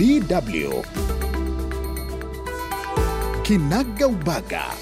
DW Kinagaubaga.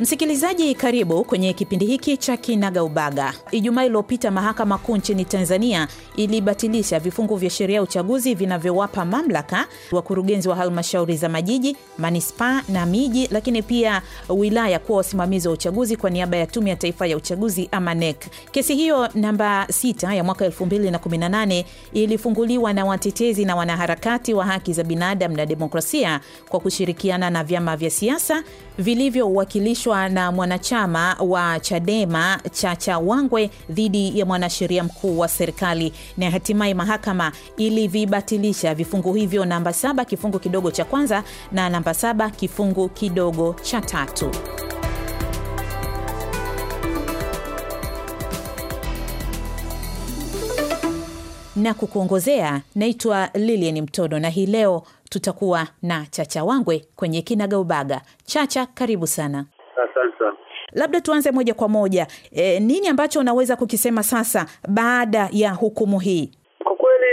Msikilizaji, karibu kwenye kipindi hiki cha Kinaga Ubaga. Ijumaa iliyopita mahakama kuu nchini Tanzania ilibatilisha vifungu vya sheria ya uchaguzi vinavyowapa mamlaka wakurugenzi wa halmashauri za majiji, manispaa na miji, lakini pia wilaya kuwa wasimamizi wa uchaguzi kwa niaba ya Tume ya Taifa ya Uchaguzi ama NEC. Kesi hiyo namba 6 ya mwaka 2018 ilifunguliwa na watetezi na wanaharakati wa haki za binadamu na demokrasia kwa kushirikiana na vyama vya siasa vilivyowakilishwa kukamatwa na mwanachama wa Chadema Chacha Wangwe dhidi ya mwanasheria mkuu wa serikali, na hatimaye mahakama ilivibatilisha vifungu hivyo, namba saba kifungu kidogo cha kwanza na namba saba kifungu kidogo cha tatu. na kukuongozea. Naitwa Lilian Mtodo na hii leo tutakuwa na Chacha Wangwe kwenye Kinagaubaga. Chacha, karibu sana. Labda tuanze moja kwa moja, e, nini ambacho unaweza kukisema sasa baada ya hukumu hii? Kwa kweli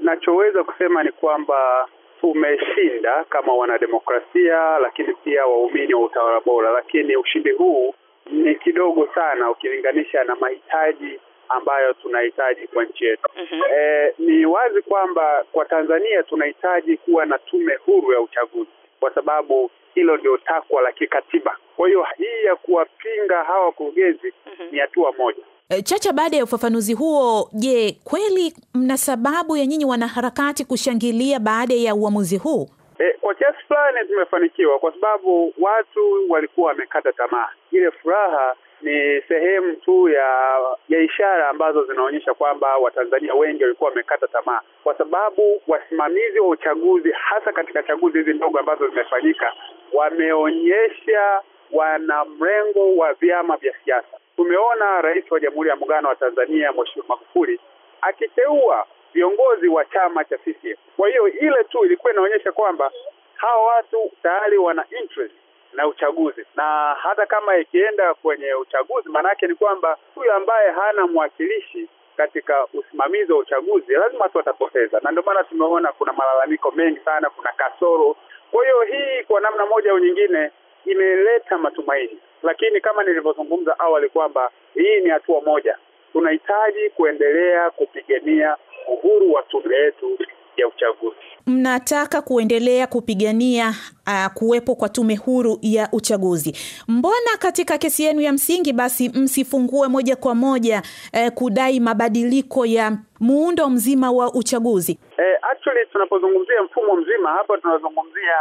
nachoweza kusema ni kwamba tumeshinda kama wanademokrasia, lakini pia waumini wa utawala bora, lakini ushindi huu ni kidogo sana ukilinganisha na mahitaji ambayo tunahitaji kwa nchi yetu. mm -hmm. E, ni wazi kwamba kwa Tanzania tunahitaji kuwa na tume huru ya uchaguzi, kwa sababu hilo ndio takwa la kikatiba kwa hiyo hii ya kuwapinga hawa wakurugenzi mm -hmm. ni hatua moja. E, Chacha, baada ya ufafanuzi huo, je, kweli mna sababu ya nyinyi wanaharakati kushangilia baada ya uamuzi huu? E, kwa kiasi fulani tumefanikiwa kwa sababu watu walikuwa wamekata tamaa. Ile furaha ni sehemu tu ya ya ishara ambazo zinaonyesha kwamba Watanzania wengi walikuwa wamekata tamaa, kwa sababu wasimamizi wa uchaguzi hasa katika chaguzi hizi ndogo ambazo zimefanyika wameonyesha wana mrengo wa vyama vya siasa. Tumeona Rais wa Jamhuri ya Muungano wa Tanzania Mheshimiwa Magufuli akiteua viongozi wa chama cha CCM. Kwa hiyo ile tu ilikuwa inaonyesha kwamba hawa watu tayari wana interest na uchaguzi, na hata kama ikienda kwenye uchaguzi, maanake ni kwamba huyu ambaye hana mwakilishi katika usimamizi wa uchaguzi lazima watu watapoteza, na ndio maana tumeona kuna malalamiko mengi sana, kuna kasoro. Kwa hiyo hii kwa namna moja au nyingine imeleta matumaini, lakini kama nilivyozungumza awali kwamba hii ni hatua moja. Tunahitaji kuendelea kupigania uhuru wa tume yetu ya uchaguzi. Mnataka kuendelea kupigania uh, kuwepo kwa tume huru ya uchaguzi. Mbona katika kesi yenu ya msingi basi msifungue moja kwa moja uh, kudai mabadiliko ya muundo mzima wa uchaguzi? Eh, actually tunapozungumzia mfumo mzima hapa tunazungumzia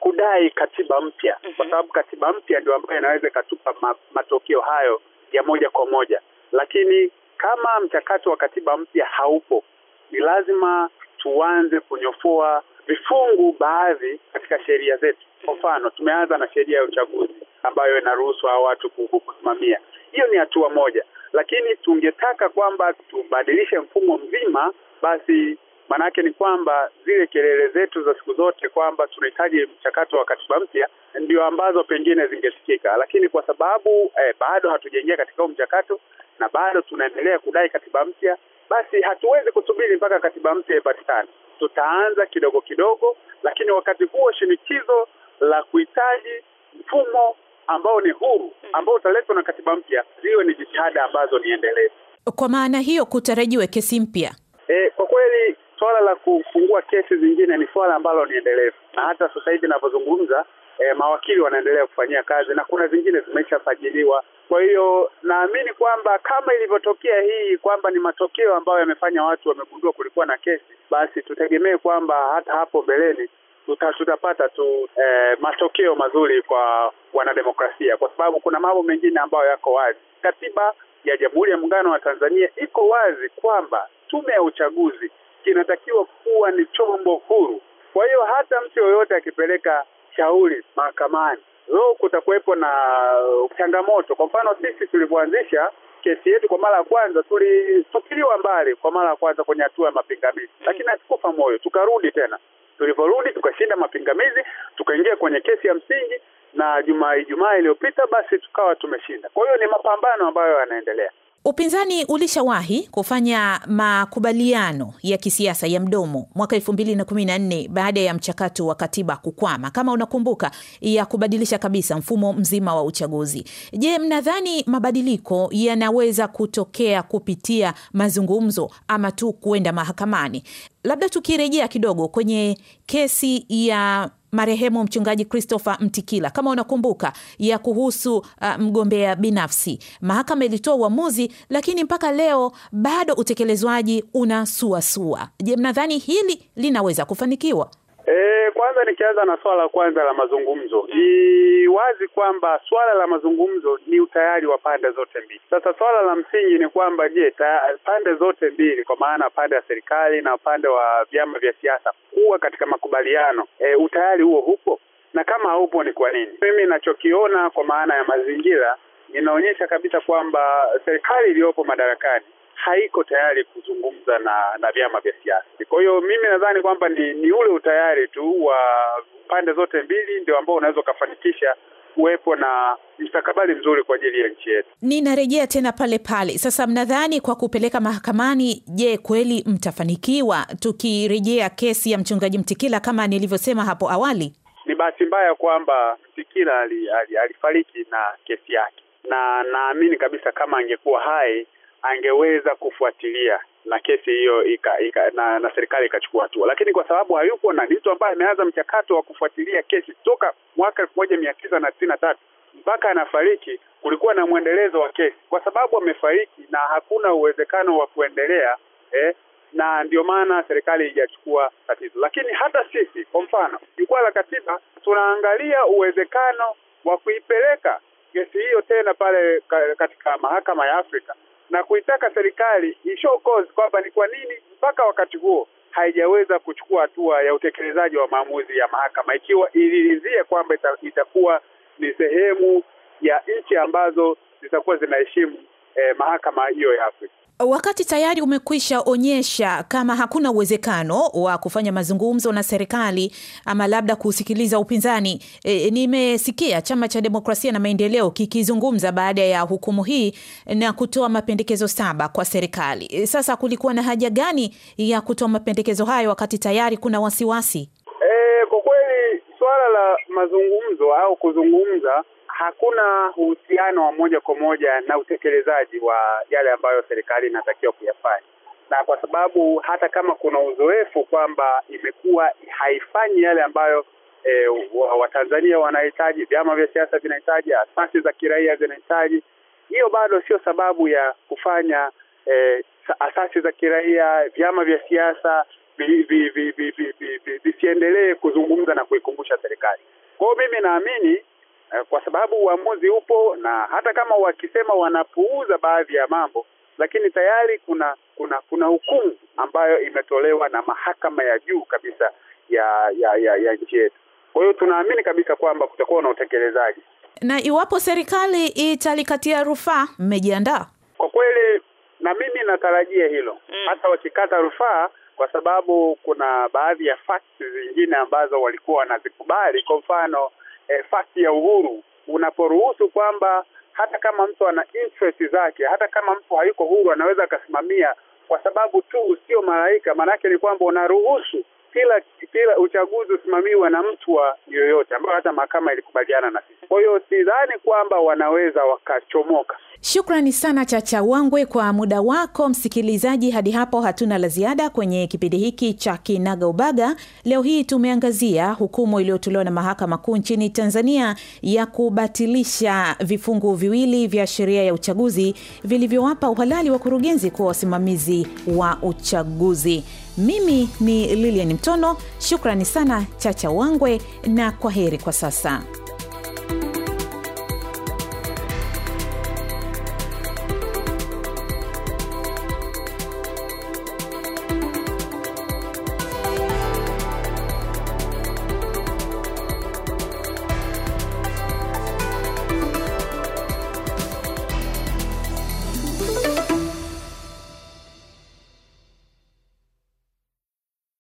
kudai katiba mpya, kwa mhm. sababu katiba mpya ndio ambayo inaweza ikatupa matokeo hayo ya moja kwa moja. Lakini kama mchakato wa katiba mpya haupo, ni lazima tuanze kunyofoa vifungu baadhi katika sheria zetu. Kwa mhm. mfano, tumeanza na sheria ya uchaguzi ambayo inaruhusu hawa watu kusimamia. Hiyo ni hatua moja, lakini tungetaka kwamba tubadilishe mfumo mzima, basi Maanake ni kwamba zile kelele zetu za siku zote kwamba tunahitaji mchakato wa katiba mpya ndio ambazo pengine zingesikika, lakini kwa sababu eh, bado hatujaingia katika huo mchakato na bado tunaendelea kudai katiba mpya, basi hatuwezi kusubiri mpaka katiba mpya ipatikane. Tutaanza kidogo kidogo, lakini wakati huo shinikizo la kuhitaji mfumo ambao ni huru mm-hmm. ambao utaletwa na katiba mpya ziwe ni jitihada ambazo niendelee. Kwa maana hiyo, kutarajiwe kesi mpya la kufungua kesi zingine ni swala ambalo ni endelevu, na hata sasa hivi ninavyozungumza, e, eh, mawakili wanaendelea kufanyia kazi na kuna zingine zimeshasajiliwa. Kwa hiyo naamini kwamba kama ilivyotokea hii kwamba ni matokeo ambayo yamefanya watu wamegundua kulikuwa na kesi, basi tutegemee kwamba hata hapo mbeleni tuta, tutapata tu e, matokeo mazuri kwa wanademokrasia, kwa sababu kuna mambo mengine ambayo yako wazi. Katiba ya Jamhuri ya Muungano wa Tanzania iko wazi kwamba tume ya uchaguzi kinatakiwa kuwa ni chombo huru. Kwa hiyo hata mtu yoyote akipeleka shauri mahakamani, leo kutakuwepo na uh, changamoto. Kwa mfano, sisi tulivyoanzisha kesi yetu kwa mara ya kwanza, tulitupiliwa mbali kwa mara ya kwanza kwenye hatua ya mapingamizi, hmm. lakini hatukufa moyo, tukarudi tena. Tulivyorudi tukashinda mapingamizi, tukaingia kwenye kesi ya msingi, na jumaa Ijumaa iliyopita basi tukawa tumeshinda. Kwa hiyo ni mapambano ambayo yanaendelea. Upinzani ulishawahi kufanya makubaliano ya kisiasa ya mdomo mwaka elfu mbili na kumi na nne baada ya mchakato wa katiba kukwama, kama unakumbuka, ya kubadilisha kabisa mfumo mzima wa uchaguzi. Je, mnadhani mabadiliko yanaweza kutokea kupitia mazungumzo ama tu kuenda mahakamani? Labda tukirejea kidogo kwenye kesi ya marehemu mchungaji Christopher Mtikila kama unakumbuka, ya kuhusu uh, mgombea binafsi. Mahakama ilitoa uamuzi, lakini mpaka leo bado utekelezwaji una suasua. Je, mnadhani hili linaweza kufanikiwa? E, kwanza nikianza na swala la kwanza la mazungumzo, mm. ni wazi kwamba swala la mazungumzo ni utayari wa pande zote mbili. Sasa swala la msingi ni kwamba je, pande zote mbili kwa maana pande ya serikali na upande wa vyama vya siasa kuwa katika makubaliano e, utayari huo hupo, na kama haupo ni kwa nini? Mimi ninachokiona kwa maana ya mazingira inaonyesha kabisa kwamba serikali iliyopo madarakani haiko tayari kuzungumza na na vyama vya siasa. Kwa hiyo mimi nadhani kwamba ni, ni ule utayari tu wa pande zote mbili ndio ambao unaweza ukafanikisha kuwepo na mstakabali mzuri kwa ajili ya nchi yetu. Ninarejea tena pale pale sasa, mnadhani kwa kupeleka mahakamani, je, kweli mtafanikiwa? Tukirejea kesi ya mchungaji Mtikila kama nilivyosema hapo awali, ni bahati mbaya kwamba Mtikila alifariki ali, ali na kesi yake, na naamini kabisa kama angekuwa hai angeweza kufuatilia na kesi hiyo ika, ika, na, na serikali ikachukua hatua, lakini kwa sababu hayupo na mtu ambaye ameanza mchakato wa kufuatilia kesi toka mwaka elfu moja mia tisa na sitini na tatu mpaka anafariki, kulikuwa na mwendelezo wa kesi. Kwa sababu amefariki na hakuna uwezekano wa kuendelea eh, na ndio maana serikali haijachukua tatizo. Lakini hata sisi kwa mfano, jukwaa la katiba, tunaangalia uwezekano wa kuipeleka kesi hiyo tena pale katika mahakama ya Afrika na kuitaka serikali ishow cause kwamba ni kwa nini mpaka wakati huo haijaweza kuchukua hatua ya utekelezaji wa maamuzi ya mahakama, ikiwa iliridhia kwamba itakuwa ni sehemu ya nchi ambazo zitakuwa zinaheshimu eh, mahakama hiyo ya Afrika. Wakati tayari umekwisha onyesha kama hakuna uwezekano wa kufanya mazungumzo na serikali ama labda kusikiliza upinzani. E, nimesikia chama cha demokrasia na maendeleo kikizungumza baada ya hukumu hii na kutoa mapendekezo saba kwa serikali. E, sasa kulikuwa na haja gani ya kutoa mapendekezo hayo wakati tayari kuna wasiwasi? E, kwa kweli suala la mazungumzo au kuzungumza hakuna uhusiano wa moja kwa moja na utekelezaji wa yale ambayo serikali inatakiwa kuyafanya, na kwa sababu hata kama kuna uzoefu kwamba imekuwa haifanyi yale ambayo e, Watanzania wanahitaji, vyama vya siasa vinahitaji, asasi za kiraia zinahitaji, hiyo bado sio sababu ya kufanya e, asasi za kiraia, vyama vya siasa visiendelee kuzungumza na kuikumbusha serikali. Kwa hiyo mimi naamini Eh, kwa sababu uamuzi upo, na hata kama wakisema wanapuuza baadhi ya mambo, lakini tayari kuna kuna kuna hukumu ambayo imetolewa na mahakama ya juu kabisa ya ya ya, ya nchi yetu. Kwa hiyo tunaamini kabisa kwamba kutakuwa na utekelezaji, na iwapo serikali italikatia rufaa, mmejiandaa kwa kweli, na mimi natarajia hilo mm. hata wakikata rufaa, kwa sababu kuna baadhi ya facts zingine ambazo walikuwa wanazikubali, kwa mfano eh, fasi ya uhuru unaporuhusu kwamba hata kama mtu ana interest zake, hata kama mtu hayuko huru anaweza akasimamia kwa sababu tu sio malaika. Maana yake ni kwamba unaruhusu kila kila uchaguzi usimamiwe na mtu wa yoyote, ambayo hata mahakama ilikubaliana na sisi. Kwa hiyo sidhani kwamba wanaweza wakachomoka. Shukrani sana Chacha Wangwe kwa muda wako. Msikilizaji, hadi hapo hatuna la ziada kwenye kipindi hiki cha Kinaga Ubaga. Leo hii tumeangazia hukumu iliyotolewa na Mahakama Kuu nchini Tanzania ya kubatilisha vifungu viwili vya sheria ya uchaguzi vilivyowapa uhalali wa kurugenzi kuwa wasimamizi wa uchaguzi. Mimi ni Lilian Mtono, shukrani sana Chacha Wangwe na kwa heri kwa sasa.